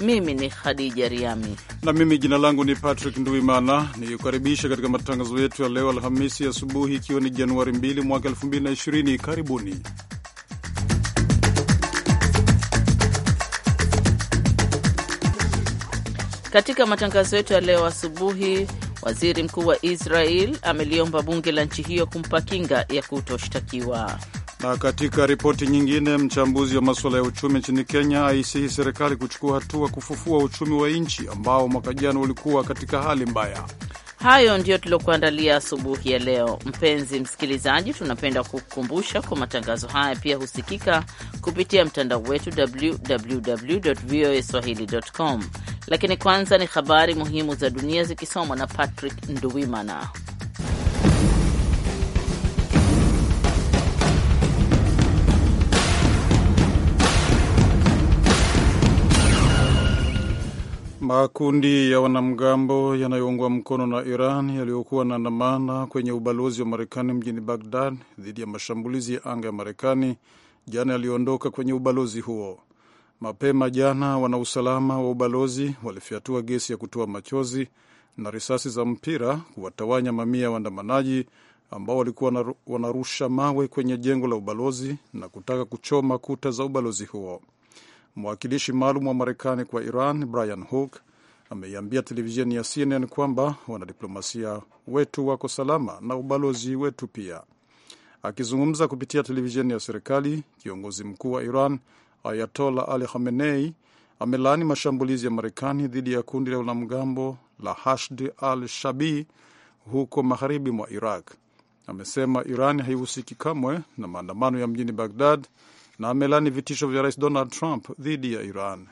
Mimi ni Khadija Riami na mimi jina langu ni Patrick Nduimana, nikukaribisha katika matangazo yetu ya leo Alhamisi asubuhi, ikiwa ni Januari 2 mwaka 2020. Karibuni. Katika matangazo yetu ya leo asubuhi, waziri mkuu wa Israel ameliomba bunge la nchi hiyo kumpa kinga ya kutoshtakiwa. Na ah, katika ripoti nyingine, mchambuzi wa masuala ya uchumi nchini Kenya aisihi serikali kuchukua hatua kufufua uchumi wa nchi ambao mwaka jana ulikuwa katika hali mbaya. Hayo ndiyo tuliokuandalia asubuhi ya leo. Mpenzi msikilizaji, tunapenda kukukumbusha kwa matangazo haya pia husikika kupitia mtandao wetu www voa swahili com. Lakini kwanza ni habari muhimu za dunia zikisomwa na Patrick Nduwimana. Makundi ya wanamgambo yanayoungwa mkono na Iran yaliyokuwa na andamana kwenye ubalozi wa Marekani mjini Bagdad dhidi ya mashambulizi ya anga ya Marekani jana yaliondoka kwenye ubalozi huo. Mapema jana, wanausalama wa ubalozi walifyatua gesi ya kutoa machozi na risasi za mpira kuwatawanya mamia ya waandamanaji ambao walikuwa wanarusha mawe kwenye jengo la ubalozi na kutaka kuchoma kuta za ubalozi huo mwakilishi maalum wa Marekani kwa Iran Brian Hook ameiambia televisheni ya CNN kwamba wanadiplomasia wetu wako salama na ubalozi wetu pia. Akizungumza kupitia televisheni ya serikali, kiongozi mkuu wa Iran Ayatola Ali Khamenei amelaani mashambulizi ya Marekani dhidi ya kundi la wanamgambo la Hashd al Shabi huko magharibi mwa Iraq. Amesema Iran haihusiki kamwe na maandamano ya mjini Bagdad na amelani vitisho vya rais Donald Trump dhidi ya Iran.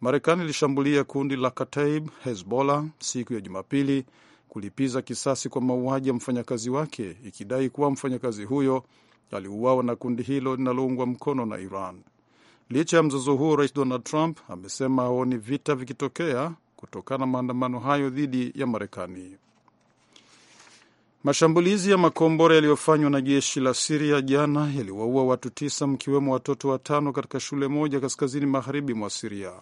Marekani ilishambulia kundi la Kataib Hezbollah siku ya Jumapili kulipiza kisasi kwa mauaji ya mfanyakazi wake, ikidai kuwa mfanyakazi huyo aliuawa na kundi hilo linaloungwa mkono na Iran. Licha ya mzozo huo, rais Donald Trump amesema haoni vita vikitokea kutokana na maandamano hayo dhidi ya Marekani. Mashambulizi ya makombora yaliyofanywa na jeshi la Siria jana yaliwaua watu tisa, mkiwemo watoto watano katika shule moja kaskazini magharibi mwa Siria.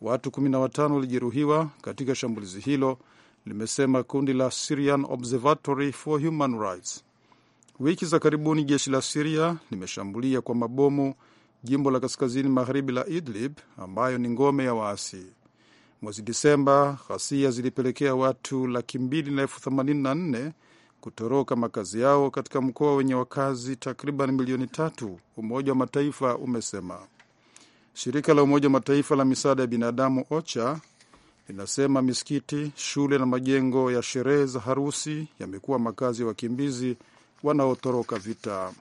Watu 15 walijeruhiwa katika shambulizi hilo, limesema kundi la Syrian Observatory for Human Rights. Wiki za karibuni jeshi la Siria limeshambulia kwa mabomu jimbo la kaskazini magharibi la Idlib ambayo ni ngome ya waasi. Mwezi Disemba, ghasia zilipelekea watu laki mbili na elfu themanini na nne kutoroka makazi yao katika mkoa wenye wakazi takriban milioni tatu, Umoja wa Mataifa umesema. Shirika la Umoja wa Mataifa la misaada ya binadamu OCHA linasema misikiti, shule na majengo ya sherehe za harusi yamekuwa makazi ya wakimbizi wanaotoroka vita.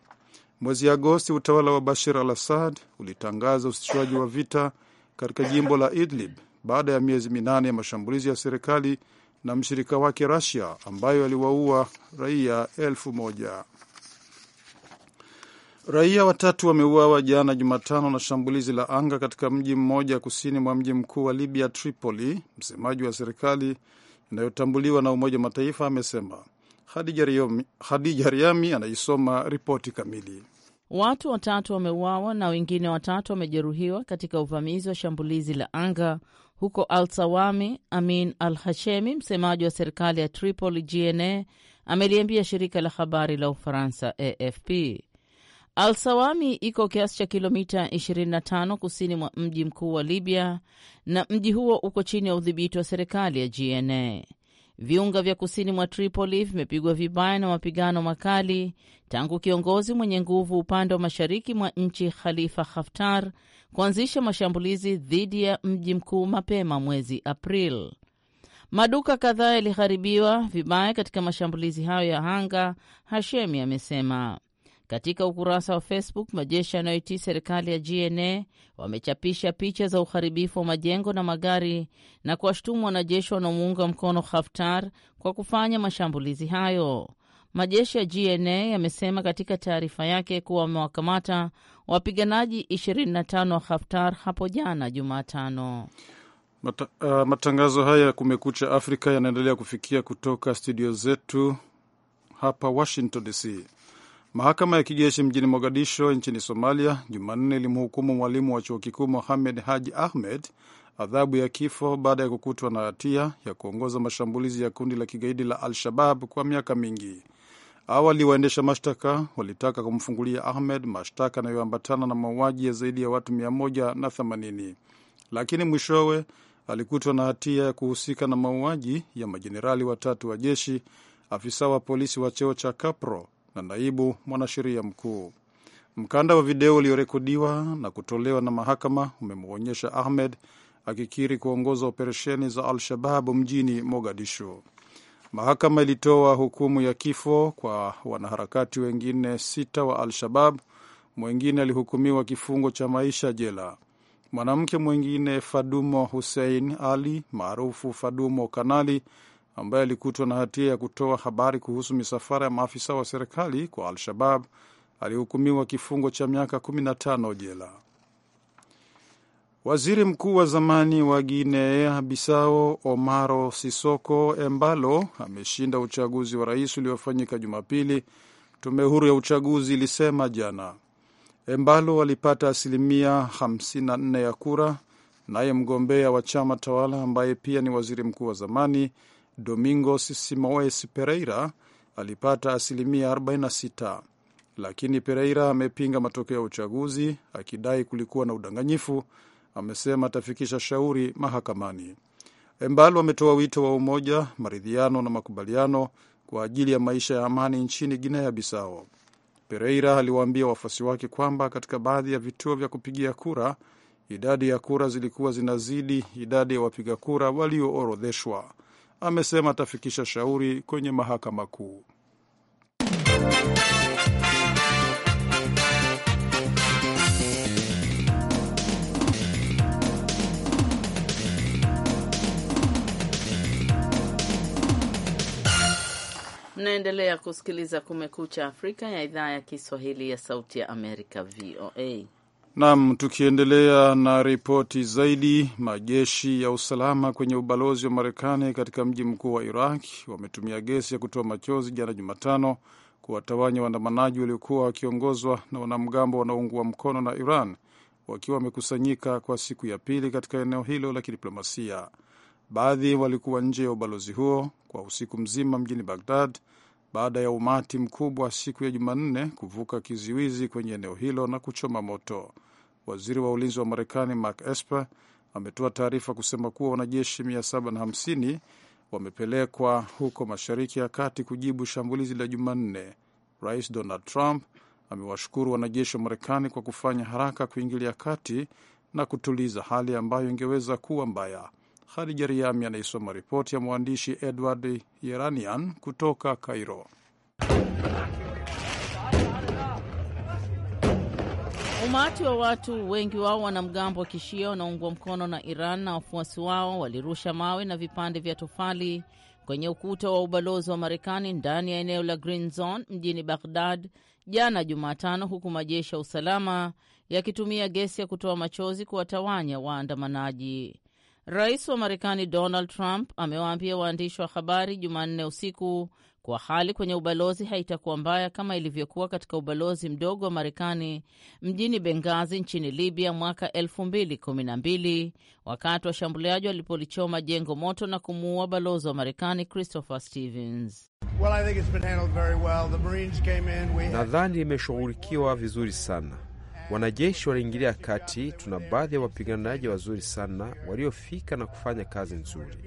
Mwezi Agosti, utawala wa Bashir al Assad ulitangaza usitishwaji wa vita katika jimbo la Idlib baada ya miezi minane ya mashambulizi ya serikali na mshirika wake Russia ambayo aliwaua raia elfu moja. Raia watatu wameuawa jana Jumatano na shambulizi la anga katika mji mmoja kusini mwa mji mkuu wa Libya, Tripoli. Msemaji wa serikali inayotambuliwa na Umoja wa Mataifa amesema. Hadija Riami anaisoma ripoti kamili. Watu watatu wameuawa na wengine watatu wamejeruhiwa katika uvamizi wa shambulizi la anga huko Al Sawami. Amin Al Hashemi, msemaji wa serikali ya Tripoli GNA, ameliambia shirika la habari la Ufaransa AFP. Al Sawami iko kiasi cha kilomita 25 kusini mwa mji mkuu wa Libya, na mji huo uko chini ya udhibiti wa serikali ya GNA. Viunga vya kusini mwa Tripoli vimepigwa vibaya na mapigano makali tangu kiongozi mwenye nguvu upande wa mashariki mwa nchi Khalifa Haftar kuanzisha mashambulizi dhidi ya mji mkuu mapema mwezi april Maduka kadhaa yaliharibiwa vibaya katika mashambulizi hayo ya anga, Hashemi amesema katika ukurasa wa Facebook. Majeshi yanayoitii serikali ya GNA wamechapisha picha za uharibifu wa majengo na magari na kuwashutumu wanajeshi wanaomuunga mkono Haftar kwa kufanya mashambulizi hayo. Majeshi ya GNA yamesema katika taarifa yake kuwa wamewakamata wapiganaji 25 wa Haftar hapo jana Jumatano. Mata, uh, matangazo haya ya Kumekucha Afrika yanaendelea kufikia kutoka studio zetu hapa Washington DC. Mahakama ya kijeshi mjini Mogadisho nchini Somalia Jumanne ilimhukumu mwalimu wa chuo kikuu Mohamed Haji Ahmed adhabu ya kifo baada ya kukutwa na hatia ya kuongoza mashambulizi ya kundi la kigaidi la Al-Shabab kwa miaka mingi. Awali waendesha mashtaka walitaka kumfungulia Ahmed mashtaka yanayoambatana na mauaji ya zaidi ya watu 180 lakini mwishowe alikutwa na hatia ya kuhusika na mauaji ya majenerali watatu wa jeshi, afisa wa polisi wa cheo cha kapro na naibu mwanasheria mkuu. Mkanda wa video uliorekodiwa na kutolewa na mahakama umemwonyesha Ahmed akikiri kuongoza operesheni za al shababu mjini Mogadishu. Mahakama ilitoa hukumu ya kifo kwa wanaharakati wengine sita wa Al-Shabab. mwengine alihukumiwa kifungo cha maisha jela. Mwanamke mwingine Fadumo Hussein Ali maarufu Fadumo Kanali, ambaye alikutwa na hatia ya kutoa habari kuhusu misafara ya maafisa wa serikali kwa Al-Shabab, alihukumiwa kifungo cha miaka 15 jela. Waziri mkuu wa zamani wa Guinea Bissau Omaro Sisoko Embalo ameshinda uchaguzi wa rais uliofanyika Jumapili, tume huru ya uchaguzi ilisema jana. Embalo alipata asilimia 54 ya kura, naye mgombea wa chama tawala ambaye pia ni waziri mkuu wa zamani Domingos Simoes Pereira alipata asilimia 46, lakini Pereira amepinga matokeo ya uchaguzi akidai kulikuwa na udanganyifu amesema atafikisha shauri mahakamani. Embalo ametoa wito wa umoja, maridhiano na makubaliano kwa ajili ya maisha ya amani nchini Guinea Bissau. Pereira aliwaambia wafuasi wake kwamba katika baadhi ya vituo vya kupigia kura idadi ya kura zilikuwa zinazidi idadi ya wapiga kura walioorodheshwa. Amesema atafikisha shauri kwenye mahakama kuu. Mnaendelea kusikiliza Kumekucha Afrika ya idhaa ya Kiswahili ya Sauti ya Amerika, VOA. Nam, tukiendelea na ripoti zaidi, majeshi ya usalama kwenye ubalozi wa Marekani katika mji mkuu wa Iraq wametumia gesi ya kutoa machozi jana Jumatano kuwatawanya waandamanaji waliokuwa wakiongozwa na wanamgambo wanaoungwa mkono na Iran wakiwa wamekusanyika kwa siku ya pili katika eneo hilo la kidiplomasia. Baadhi walikuwa nje ya ubalozi huo kwa usiku mzima mjini Bagdad baada ya umati mkubwa siku ya Jumanne kuvuka kizuizi kwenye eneo hilo na kuchoma moto. Waziri wa ulinzi wa Marekani Mark Esper ametoa taarifa kusema kuwa wanajeshi 750 wamepelekwa huko Mashariki ya Kati kujibu shambulizi la Jumanne. Rais Donald Trump amewashukuru wanajeshi wa Marekani kwa kufanya haraka kuingilia kati na kutuliza hali ambayo ingeweza kuwa mbaya. Khadija Riami anaisoma ripoti ya mwandishi Edward Yeranian kutoka Kairo. Umati wa watu, wengi wao wanamgambo wa kishia wanaungwa mkono na Iran na wafuasi wao, walirusha mawe na vipande vya tofali kwenye ukuta wa ubalozi wa Marekani ndani ya eneo la Green Zone mjini Baghdad jana Jumatano, huku majeshi ya usalama yakitumia gesi ya kutoa machozi kuwatawanya waandamanaji. Rais wa Marekani Donald Trump amewaambia waandishi wa habari Jumanne usiku kuwa hali kwenye ubalozi haitakuwa mbaya kama ilivyokuwa katika ubalozi mdogo wa Marekani mjini Bengazi nchini Libya mwaka 2012 wakati washambuliaji walipolichoma jengo moto na kumuua balozi wa Marekani Christopher Stevens. Well, well. Nadhani imeshughulikiwa vizuri sana. Wanajeshi waliingilia kati. Tuna baadhi ya wapiganaji wazuri sana waliofika na kufanya kazi nzuri.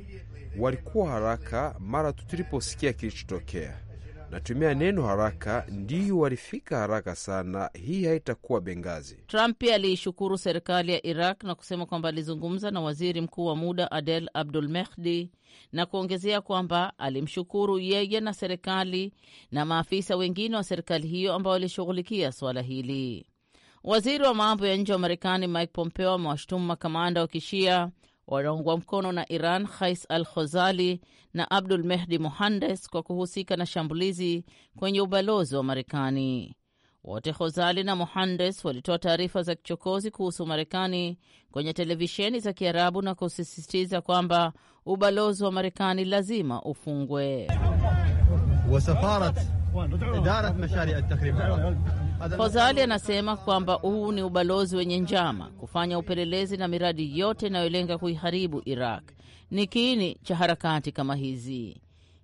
Walikuwa haraka mara tu tuliposikia kilichotokea. Natumia neno haraka, ndiyo walifika haraka sana. Hii haitakuwa Bengazi. Trump pia aliishukuru serikali ya Iraq na kusema kwamba alizungumza na waziri mkuu wa muda Adel Abdul Mehdi na kuongezea kwamba alimshukuru yeye na serikali na maafisa wengine wa serikali hiyo ambao walishughulikia suala hili. Waziri wa mambo ya nje wa Marekani Mike Pompeo amewashutumu makamanda wa kishia wanaungwa mkono na Iran Khais al Khozali na Abdul Mehdi Mohandes kwa kuhusika na shambulizi kwenye ubalozi wa Marekani. Wote Khozali na Mohandes walitoa taarifa za kichokozi kuhusu Marekani kwenye televisheni za Kiarabu na kusisitiza kwamba ubalozi wa Marekani lazima ufungwe. Fozali anasema kwamba huu ni ubalozi wenye njama kufanya upelelezi na miradi yote inayolenga kuiharibu Iraq ni kiini cha harakati kama hizi.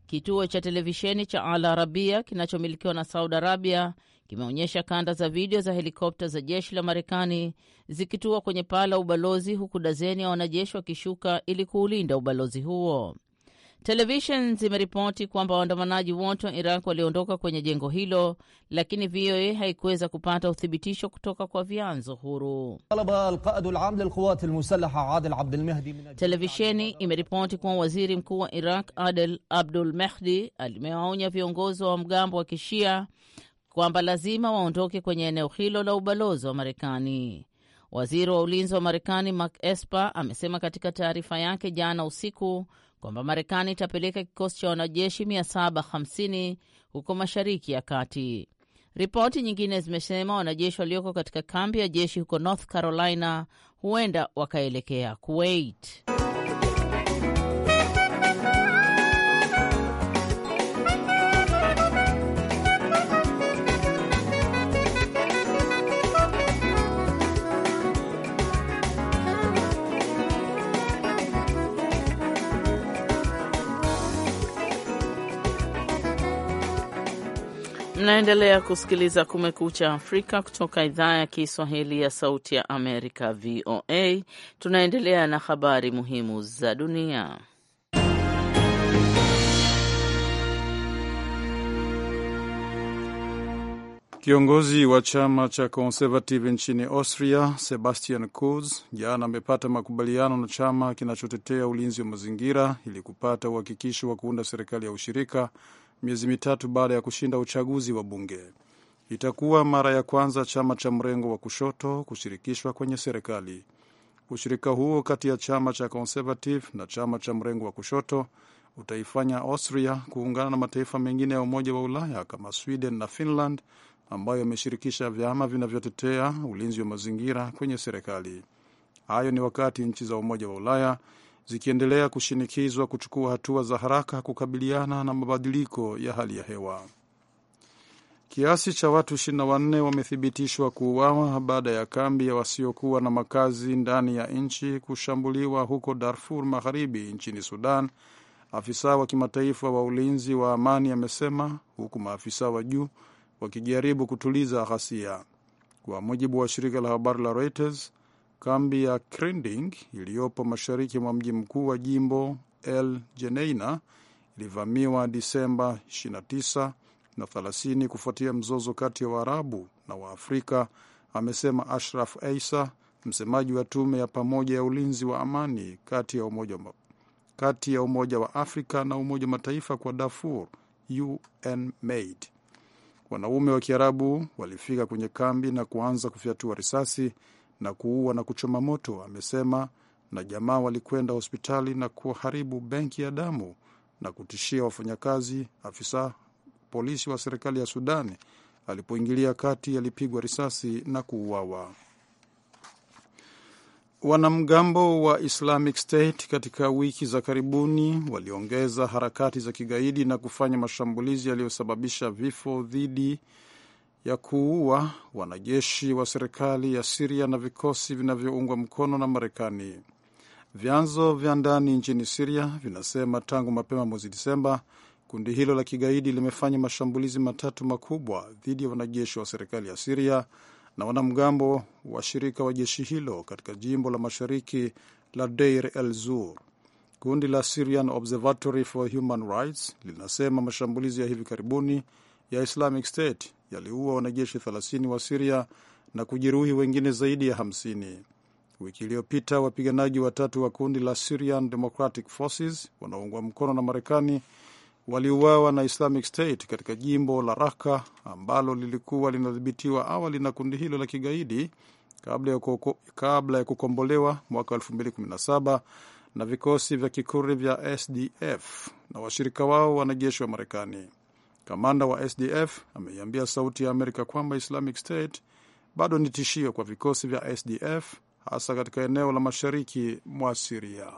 Kituo cha televisheni cha Al Arabia kinachomilikiwa na Saudi Arabia kimeonyesha kanda za video za helikopta za jeshi la Marekani zikitua kwenye paa la ubalozi huku dazeni ya wanajeshi wakishuka ili kuulinda ubalozi huo. Televishen zimeripoti kwamba waandamanaji wote wa Iraq waliondoka kwenye jengo hilo, lakini VOA haikuweza kupata uthibitisho kutoka kwa vyanzo huru. Televisheni imeripoti kuwa waziri mkuu wa Iraq Adel Abdul Mehdi alimewaonya viongozi wa mgambo wa Kishia kwamba lazima waondoke kwenye eneo hilo la ubalozi wa Marekani. Waziri wa ulinzi wa Marekani Mark Esper amesema katika taarifa yake jana usiku kwamba Marekani itapeleka kikosi cha wanajeshi 750 huko Mashariki ya Kati. Ripoti nyingine zimesema wanajeshi walioko katika kambi ya jeshi huko North Carolina huenda wakaelekea Kuwait. Mnaendelea kusikiliza Kumekucha Afrika kutoka idhaa ya Kiswahili ya Sauti ya Amerika, VOA. Tunaendelea na habari muhimu za dunia. Kiongozi wa chama cha Conservative nchini Austria, Sebastian Kurz, jana amepata makubaliano na chama kinachotetea ulinzi wa mazingira ili kupata uhakikisho wa kuunda serikali ya ushirika miezi mitatu baada ya kushinda uchaguzi wa bunge. Itakuwa mara ya kwanza chama cha mrengo wa kushoto kushirikishwa kwenye serikali. Ushirika huo kati ya chama cha Conservative na chama cha mrengo wa kushoto utaifanya Austria kuungana na mataifa mengine ya Umoja wa Ulaya kama Sweden na Finland ambayo yameshirikisha vyama vinavyotetea ulinzi wa mazingira kwenye serikali. Hayo ni wakati nchi za Umoja wa Ulaya zikiendelea kushinikizwa kuchukua hatua za haraka kukabiliana na mabadiliko ya hali ya hewa. Kiasi cha watu 24 wamethibitishwa kuuawa baada ya kambi ya wasiokuwa na makazi ndani ya nchi kushambuliwa huko Darfur Magharibi nchini Sudan, afisa wa kimataifa wa ulinzi wa amani amesema, huku maafisa wa juu wakijaribu kutuliza ghasia. Kwa mujibu wa shirika la habari la Reuters, Kambi ya Krinding iliyopo mashariki mwa mji mkuu wa jimbo El Geneina ilivamiwa Disemba 29 na 30 kufuatia mzozo kati ya Waarabu na Waafrika, amesema Ashraf Eisa, msemaji wa tume ya pamoja ya ulinzi wa amani kati ya Umoja, kati ya Umoja wa Afrika na Umoja wa Mataifa kwa Darfur, UNMAID. Wanaume wa Kiarabu walifika kwenye kambi na kuanza kufyatua risasi na kuua na kuchoma moto, amesema. Na jamaa walikwenda hospitali na kuharibu benki ya damu na kutishia wafanyakazi. Afisa polisi wa serikali ya Sudani alipoingilia kati alipigwa risasi na kuuawa. Wanamgambo wa Islamic State katika wiki za karibuni waliongeza harakati za kigaidi na kufanya mashambulizi yaliyosababisha vifo dhidi ya kuua wanajeshi wa serikali ya Siria na vikosi vinavyoungwa mkono na Marekani. Vyanzo vya ndani nchini Siria vinasema tangu mapema mwezi Disemba kundi hilo la kigaidi limefanya mashambulizi matatu makubwa dhidi ya wanajeshi wa serikali ya Siria na wanamgambo wa shirika wa jeshi hilo katika jimbo la mashariki la Deir el Zur. Kundi la Syrian Observatory for Human Rights linasema mashambulizi ya hivi karibuni ya Islamic State yaliua wanajeshi 30 wa Siria na kujeruhi wengine zaidi ya 50. Wiki iliyopita wapiganaji watatu wa kundi la Syrian Democratic Forces wanaoungwa mkono na Marekani waliuawa na Islamic State katika jimbo la Raka ambalo lilikuwa linadhibitiwa awali na kundi hilo la kigaidi kabla ya, kuko, kabla ya kukombolewa mwaka 2017 na vikosi vya kikuri vya SDF na washirika wao wanajeshi wa Marekani. Kamanda wa SDF ameiambia Sauti ya Amerika kwamba Islamic State bado ni tishio kwa vikosi vya SDF hasa katika eneo la mashariki mwa Siria.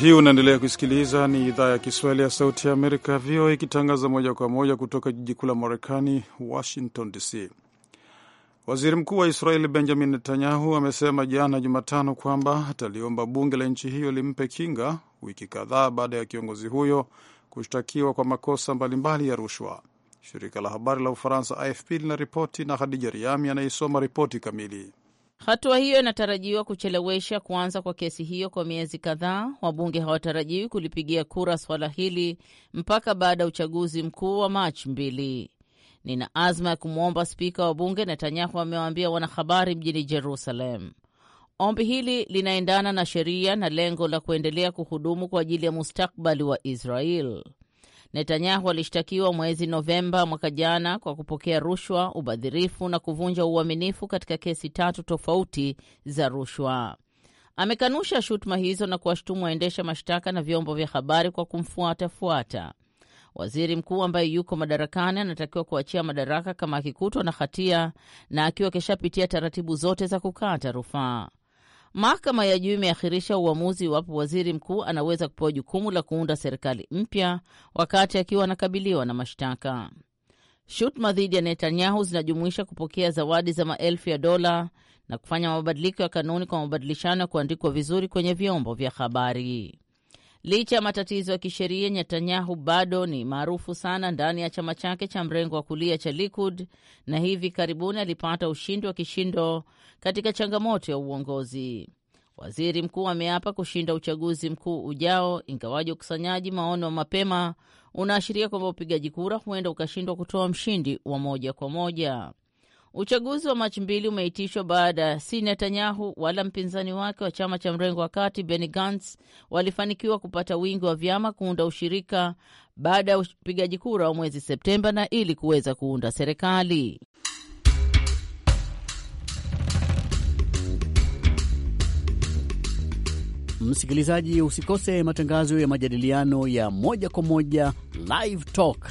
Hii unaendelea kusikiliza ni idhaa ya Kiswahili ya Sauti ya Amerika, VOA, ikitangaza moja kwa moja kutoka jiji kuu la Marekani, Washington DC. Waziri Mkuu wa Israeli Benjamin Netanyahu amesema jana Jumatano kwamba ataliomba bunge la nchi hiyo limpe kinga, wiki kadhaa baada ya kiongozi huyo kushtakiwa kwa makosa mbalimbali ya rushwa. Shirika la habari la Ufaransa AFP linaripoti na hadija Riami anaisoma ripoti kamili. Hatua hiyo inatarajiwa kuchelewesha kuanza kwa kesi hiyo kwa miezi kadhaa. Wabunge hawatarajiwi kulipigia kura swala hili mpaka baada ya uchaguzi mkuu wa Machi mbili. Nina azma ya kumwomba spika wa bunge, Netanyahu amewaambia wanahabari mjini Jerusalem. Ombi hili linaendana na sheria na lengo la kuendelea kuhudumu kwa ajili ya mustakbali wa Israel. Netanyahu alishtakiwa mwezi Novemba mwaka jana kwa kupokea rushwa, ubadhirifu na kuvunja uaminifu katika kesi tatu tofauti za rushwa. Amekanusha shutuma hizo na kuwashutumu waendesha mashtaka na vyombo vya habari kwa kumfuatafuata. Waziri mkuu ambaye yuko madarakani anatakiwa kuachia madaraka kama akikutwa na hatia na akiwa akishapitia taratibu zote za kukata rufaa. Mahakama ya juu imeahirisha uamuzi iwapo waziri mkuu anaweza kupewa jukumu la kuunda serikali mpya wakati akiwa anakabiliwa na mashtaka. Shutuma dhidi ya Netanyahu zinajumuisha kupokea zawadi za maelfu ya dola na kufanya mabadiliko ya kanuni kwa mabadilishano ya kuandikwa vizuri kwenye vyombo vya habari. Licha ya matatizo ya kisheria, Netanyahu bado ni maarufu sana ndani ya chama chake cha mrengo wa kulia cha Likud, na hivi karibuni alipata ushindi wa kishindo katika changamoto ya uongozi. Waziri mkuu ameapa kushinda uchaguzi mkuu ujao, ingawaji ukusanyaji maono wa mapema unaashiria kwamba upigaji kura huenda ukashindwa kutoa mshindi wa moja kwa moja. Uchaguzi wa Machi mbili umeitishwa baada ya si Netanyahu wala mpinzani wake wa chama cha mrengo wa kati Benny Gantz walifanikiwa kupata wingi wa vyama kuunda ushirika baada ya upigaji kura wa mwezi Septemba na ili kuweza kuunda serikali. Msikilizaji, usikose matangazo ya majadiliano ya moja kwa moja Live Talk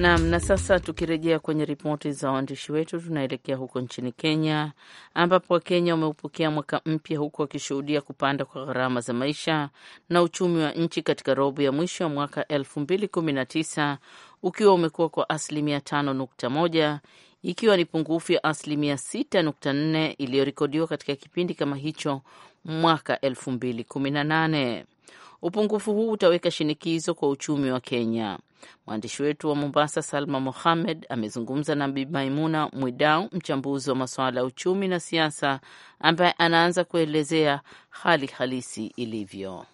Naam. Na sasa tukirejea kwenye ripoti za waandishi wetu, tunaelekea huko nchini Kenya ambapo Wakenya wameupokea mwaka mpya huku wakishuhudia kupanda kwa gharama za maisha na uchumi wa nchi katika robo ya mwisho ya mwaka 2019 ukiwa umekuwa kwa asilimia 5.1 ikiwa ni pungufu ya asilimia 6.4 iliyorekodiwa katika kipindi kama hicho mwaka 2018. Upungufu huu utaweka shinikizo kwa uchumi wa Kenya. Mwandishi wetu wa Mombasa, Salma Mohamed, amezungumza na Bi Maimuna Mwidau, mchambuzi wa masuala ya uchumi na siasa, ambaye anaanza kuelezea hali halisi ilivyo.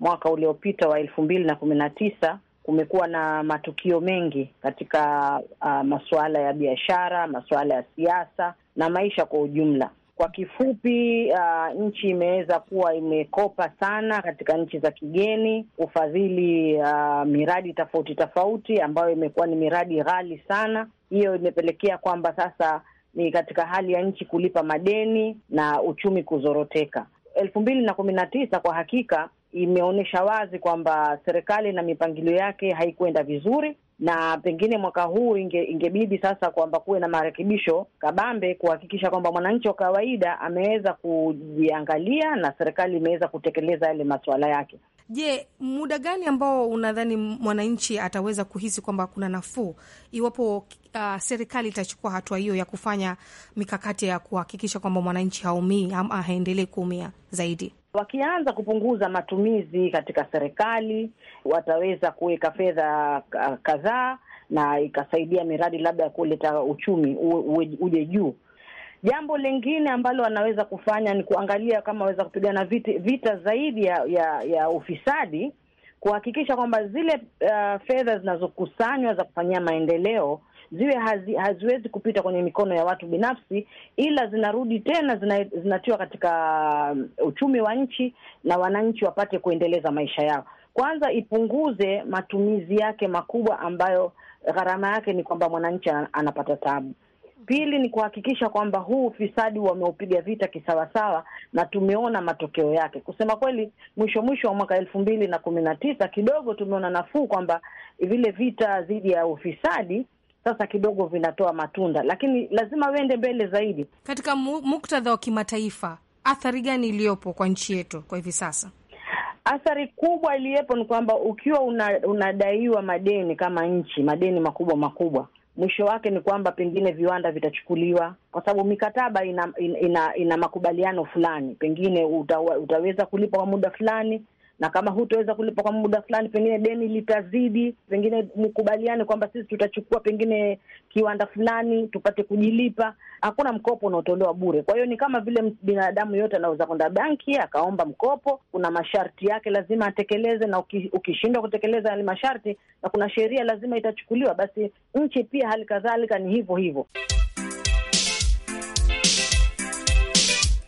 Mwaka uliopita wa elfu mbili na kumi na tisa kumekuwa na matukio mengi katika uh, masuala ya biashara, masuala ya siasa na maisha kwa ujumla. Kwa kifupi, uh, nchi imeweza kuwa imekopa sana katika nchi za kigeni kufadhili uh, miradi tofauti tofauti ambayo imekuwa ni miradi ghali sana. Hiyo imepelekea kwamba sasa ni katika hali ya nchi kulipa madeni na uchumi kuzoroteka. elfu mbili na kumi na tisa kwa hakika imeonyesha wazi kwamba serikali na mipangilio yake haikuenda vizuri, na pengine mwaka huu inge, ingebidi sasa kwamba kuwe na marekebisho kabambe kuhakikisha kwamba mwananchi wa kawaida ameweza kujiangalia na serikali imeweza kutekeleza yale masuala yake. Je, muda gani ambao unadhani mwananchi ataweza kuhisi kwamba kuna nafuu iwapo uh, serikali itachukua hatua hiyo ya kufanya mikakati ya kuhakikisha kwamba mwananchi haumii ama haendelee kuumia zaidi? Wakianza kupunguza matumizi katika serikali, wataweza kuweka fedha kadhaa na ikasaidia miradi labda ya kuleta uchumi uje juu. Jambo lingine ambalo wanaweza kufanya ni kuangalia kama waweza kupigana vita, vita zaidi ya, ya, ya ufisadi, kuhakikisha kwamba zile uh, fedha zinazokusanywa za kufanyia maendeleo ziwe hazi, haziwezi kupita kwenye mikono ya watu binafsi, ila zinarudi tena zina, zinatiwa katika um, uchumi wa nchi na wananchi wapate kuendeleza maisha yao. Kwanza ipunguze matumizi yake makubwa ambayo gharama yake ni kwamba mwananchi anapata tabu Pili ni kuhakikisha kwamba huu ufisadi wameupiga vita kisawasawa, na tumeona matokeo yake. Kusema kweli, mwisho mwisho wa mwaka elfu mbili na kumi na tisa kidogo tumeona nafuu kwamba vile vita dhidi ya ufisadi sasa kidogo vinatoa matunda, lakini lazima uende mbele zaidi. Katika muktadha wa kimataifa, athari gani iliyopo kwa nchi yetu kwa hivi sasa? Athari kubwa iliyepo ni kwamba ukiwa una, unadaiwa madeni kama nchi, madeni makubwa makubwa, mwisho wake ni kwamba pengine viwanda vitachukuliwa, kwa sababu mikataba ina, ina, ina, ina makubaliano fulani, pengine utaweza kulipa kwa muda fulani na kama hutoweza kulipa kwa muda fulani, pengine deni litazidi, pengine mkubaliane kwamba sisi tutachukua pengine kiwanda fulani tupate kujilipa. Hakuna mkopo unaotolewa bure. Kwa hiyo ni kama vile binadamu yote anaweza kwenda banki akaomba mkopo, kuna masharti yake lazima atekeleze, na ukishindwa kutekeleza yale masharti, na kuna sheria lazima itachukuliwa, basi nchi pia hali kadhalika ni hivyo hivyo.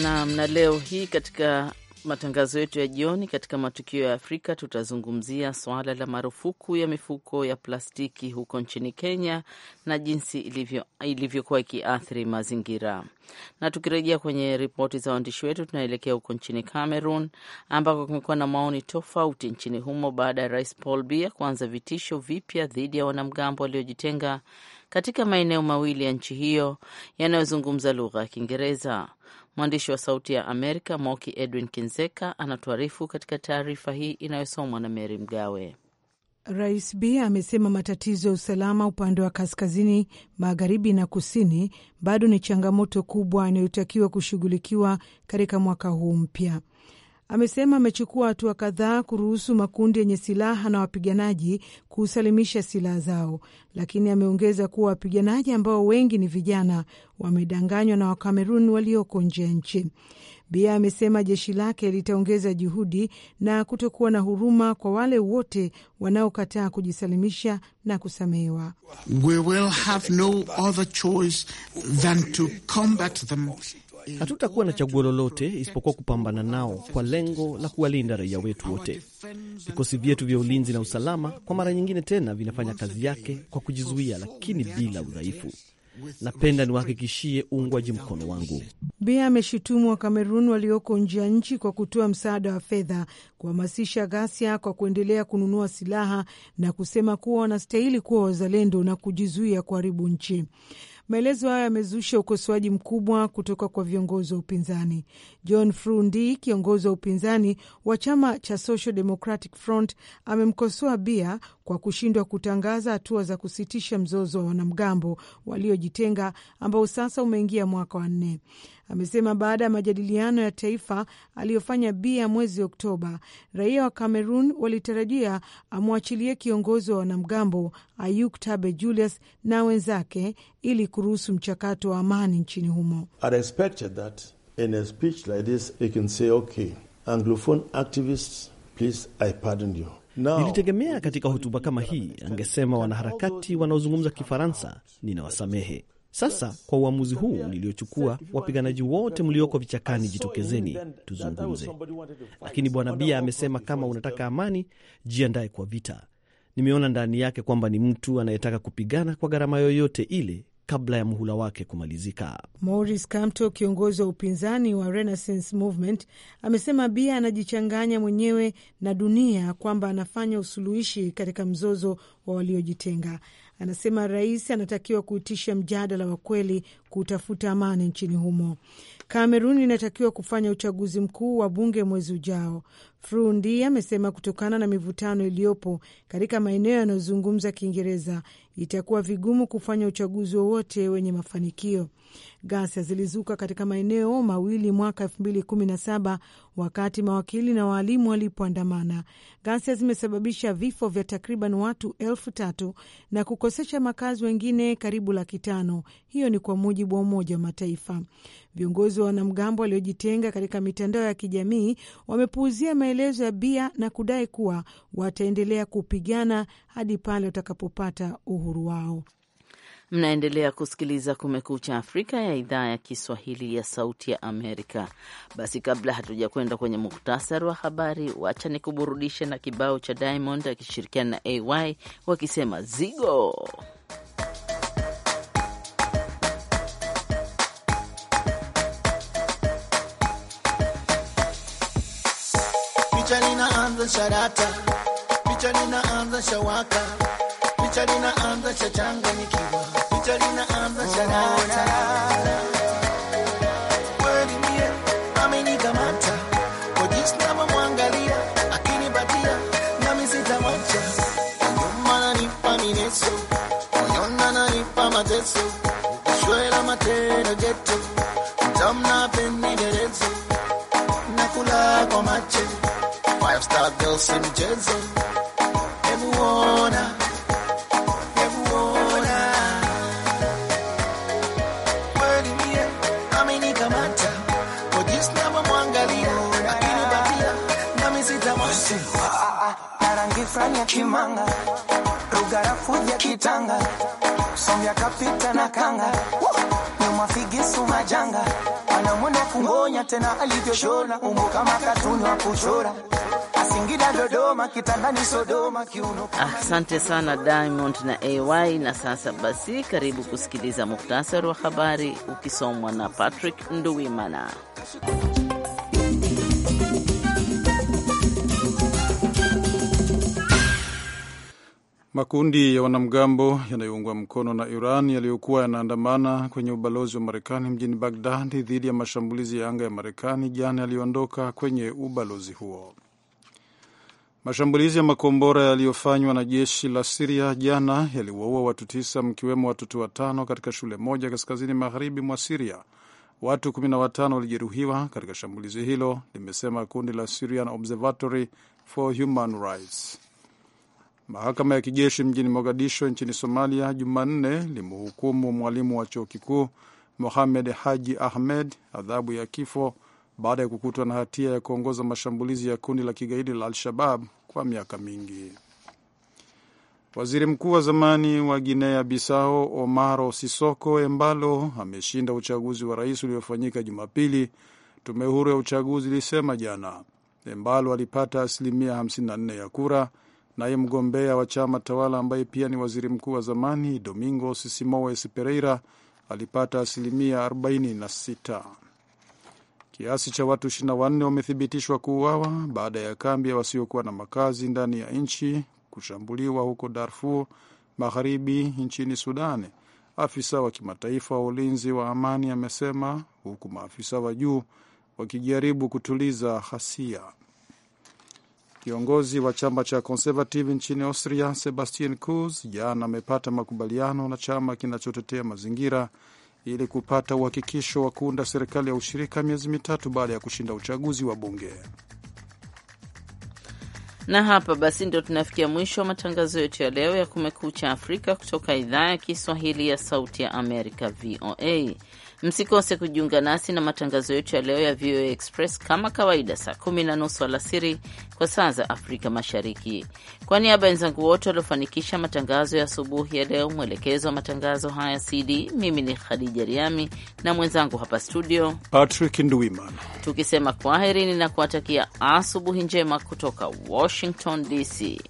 Naam, na leo hii katika matangazo yetu ya jioni, katika matukio ya Afrika, tutazungumzia suala la marufuku ya mifuko ya plastiki huko nchini Kenya na jinsi ilivyokuwa ilivyo ikiathiri mazingira. Na tukirejea kwenye ripoti za waandishi wetu, tunaelekea huko nchini Cameroon ambako kumekuwa na maoni tofauti nchini humo baada ya Rais Paul Biya kuanza vitisho vipya dhidi ya wanamgambo waliojitenga katika maeneo mawili ya nchi hiyo yanayozungumza lugha ya Kiingereza. Mwandishi wa Sauti ya Amerika Moki Edwin Kinzeka anatuarifu katika taarifa hii inayosomwa na Meri Mgawe. Rais B amesema matatizo ya usalama upande wa kaskazini magharibi na kusini bado ni changamoto kubwa inayotakiwa kushughulikiwa katika mwaka huu mpya amesema amechukua hatua kadhaa kuruhusu makundi yenye silaha na wapiganaji kusalimisha silaha zao, lakini ameongeza kuwa wapiganaji ambao wengi ni vijana wamedanganywa na Wakamerun walioko nje ya nchi. Bia amesema jeshi lake litaongeza juhudi na kutokuwa na huruma kwa wale wote wanaokataa kujisalimisha na kusamehewa. Hatutakuwa na chaguo lolote isipokuwa kupambana nao kwa lengo la kuwalinda raia wetu wote. Vikosi vyetu vya ulinzi na usalama kwa mara nyingine tena vinafanya kazi yake kwa kujizuia, lakini bila udhaifu. Napenda niwahakikishie uungwaji mkono wangu. Bia ameshutumu wa Kamerun walioko nje ya nchi kwa kutoa msaada wa fedha kuhamasisha ghasia kwa kuendelea kununua silaha na kusema kuwa wanastahili kuwa wazalendo na kujizuia kuharibu nchi. Maelezo hayo yamezusha ukosoaji mkubwa kutoka kwa viongozi wa upinzani. John Frundi, kiongozi wa upinzani wa chama cha Social Democratic Front, amemkosoa Bia kwa kushindwa kutangaza hatua za kusitisha mzozo wa wanamgambo waliojitenga ambao sasa umeingia mwaka wa nne. Amesema baada ya majadiliano ya taifa aliyofanya Bia mwezi Oktoba, raia wa cameron walitarajia amwachilie kiongozi wa wanamgambo Ayuk Tabe Julius na wenzake ili kuruhusu mchakato wa amani nchini humo. I Nilitegemea katika hotuba kama hii angesema wanaharakati wanaozungumza Kifaransa ninawasamehe. Sasa kwa uamuzi huu niliochukua, wapiganaji wote mlioko vichakani, jitokezeni tuzungumze. Lakini bwana Bia amesema kama unataka amani, ndaye kwa vita. Nimeona ndani yake kwamba ni mtu anayetaka kupigana kwa gharama yoyote ile kabla ya muhula wake kumalizika. Maurice Kamto, kiongozi wa upinzani wa Renaissance Movement, amesema bia anajichanganya mwenyewe na dunia kwamba anafanya usuluhishi katika mzozo wa waliojitenga. Anasema rais anatakiwa kuitisha mjadala wa kweli kutafuta amani nchini humo. Kamerun inatakiwa kufanya uchaguzi mkuu wa bunge mwezi ujao. Frundi amesema kutokana na mivutano iliyopo katika maeneo yanayozungumza Kiingereza itakuwa vigumu kufanya uchaguzi wowote wenye mafanikio. Ghasia zilizuka katika maeneo mawili mwaka elfu mbili kumi na saba wakati mawakili na waalimu walipoandamana. Ghasia zimesababisha vifo vya takriban watu elfu tatu na kukosesha makazi wengine karibu laki tano. Hiyo ni kwa mujibu wa Umoja wa Mataifa. Viongozi wa wanamgambo waliojitenga katika mitandao ya kijamii wamepuuzia maelezo ya Bia na kudai kuwa wataendelea kupigana hadi pale watakapopata uhuru wao. Mnaendelea kusikiliza Kumekucha Afrika ya idhaa ya Kiswahili ya Sauti ya Amerika. Basi, kabla hatuja kwenda kwenye muktasari wa habari, wacha ni kuburudisha na kibao cha Diamond akishirikiana na AY wakisema zigo picha linaanza sharata, picha linaanza shawaka, picha linaanza chachanganyikiwa, picha linaanza sharata kweli, akinipatia nami sitamwacha, mineso, moyoni nanipa mateso, ukishwela matero Kimanga, Rugara Rugarafuja, Kitanga, Somya kapita na kanga, nyuma figisu majanga, anamwona kungonya tena alivyoshona, umbo kama katuni wa kuchora. Singida, Dodoma, kitandani Sodoma, kiuno. Ah, asante ah, sana Diamond na AY. Na sasa basi, karibu kusikiliza muhtasari wa habari ukisomwa na Patrick Nduwimana. Makundi ya wanamgambo yanayoungwa mkono na Iran yaliyokuwa yanaandamana kwenye ubalozi wa Marekani mjini Bagdadi dhidi ya mashambulizi ya anga ya Marekani jana yaliyoondoka kwenye ubalozi huo. Mashambulizi ya makombora yaliyofanywa na jeshi la Siria jana yaliwaua watu tisa, mkiwemo watoto watano katika shule moja kaskazini magharibi mwa Siria. Watu 15 walijeruhiwa katika shambulizi hilo, limesema kundi la Syrian Observatory for Human Rights. Mahakama ya kijeshi mjini Mogadisho nchini Somalia Jumanne limehukumu mwalimu wa chuo kikuu Mohamed Haji Ahmed adhabu ya kifo baada ya kukutwa na hatia ya kuongoza mashambulizi ya kundi la kigaidi la Al-Shabab kwa miaka mingi. Waziri mkuu wa zamani wa Guinea Bissau Omaro Sisoko Embalo ameshinda uchaguzi wa rais uliofanyika Jumapili, tume huru ya uchaguzi ilisema jana. Embalo alipata asilimia 54 ya kura naye mgombea wa chama tawala ambaye pia ni waziri mkuu wa zamani Domingo Sisimoes Pereira alipata asilimia 46. Kiasi cha watu 24 wamethibitishwa kuuawa baada ya kambi ya wasiokuwa na makazi ndani ya nchi kushambuliwa huko Darfur Magharibi nchini Sudan, afisa wa kimataifa wa ulinzi wa amani amesema, huku maafisa wa juu wakijaribu kutuliza hasia Kiongozi wa chama cha Conservative nchini Austria, Sebastian Kurz, jana amepata makubaliano na chama kinachotetea mazingira ili kupata uhakikisho wa kuunda serikali ya ushirika miezi mitatu baada ya kushinda uchaguzi wa bunge. Na hapa basi ndio tunafikia mwisho wa matangazo yetu ya leo ya Kumekucha Afrika kutoka idhaa ya Kiswahili ya Sauti ya Amerika, VOA. Msikose kujiunga nasi na matangazo yetu ya leo ya VOA Express kama kawaida, saa kumi na nusu alasiri kwa saa za Afrika Mashariki. Kwa niaba ya wenzangu wote waliofanikisha matangazo ya asubuhi ya leo, mwelekezo wa matangazo haya CD, mimi ni Khadija Riami na mwenzangu hapa studio Patrick Nduiman, tukisema kwaherini na kuwatakia asubuhi njema kutoka Washington DC.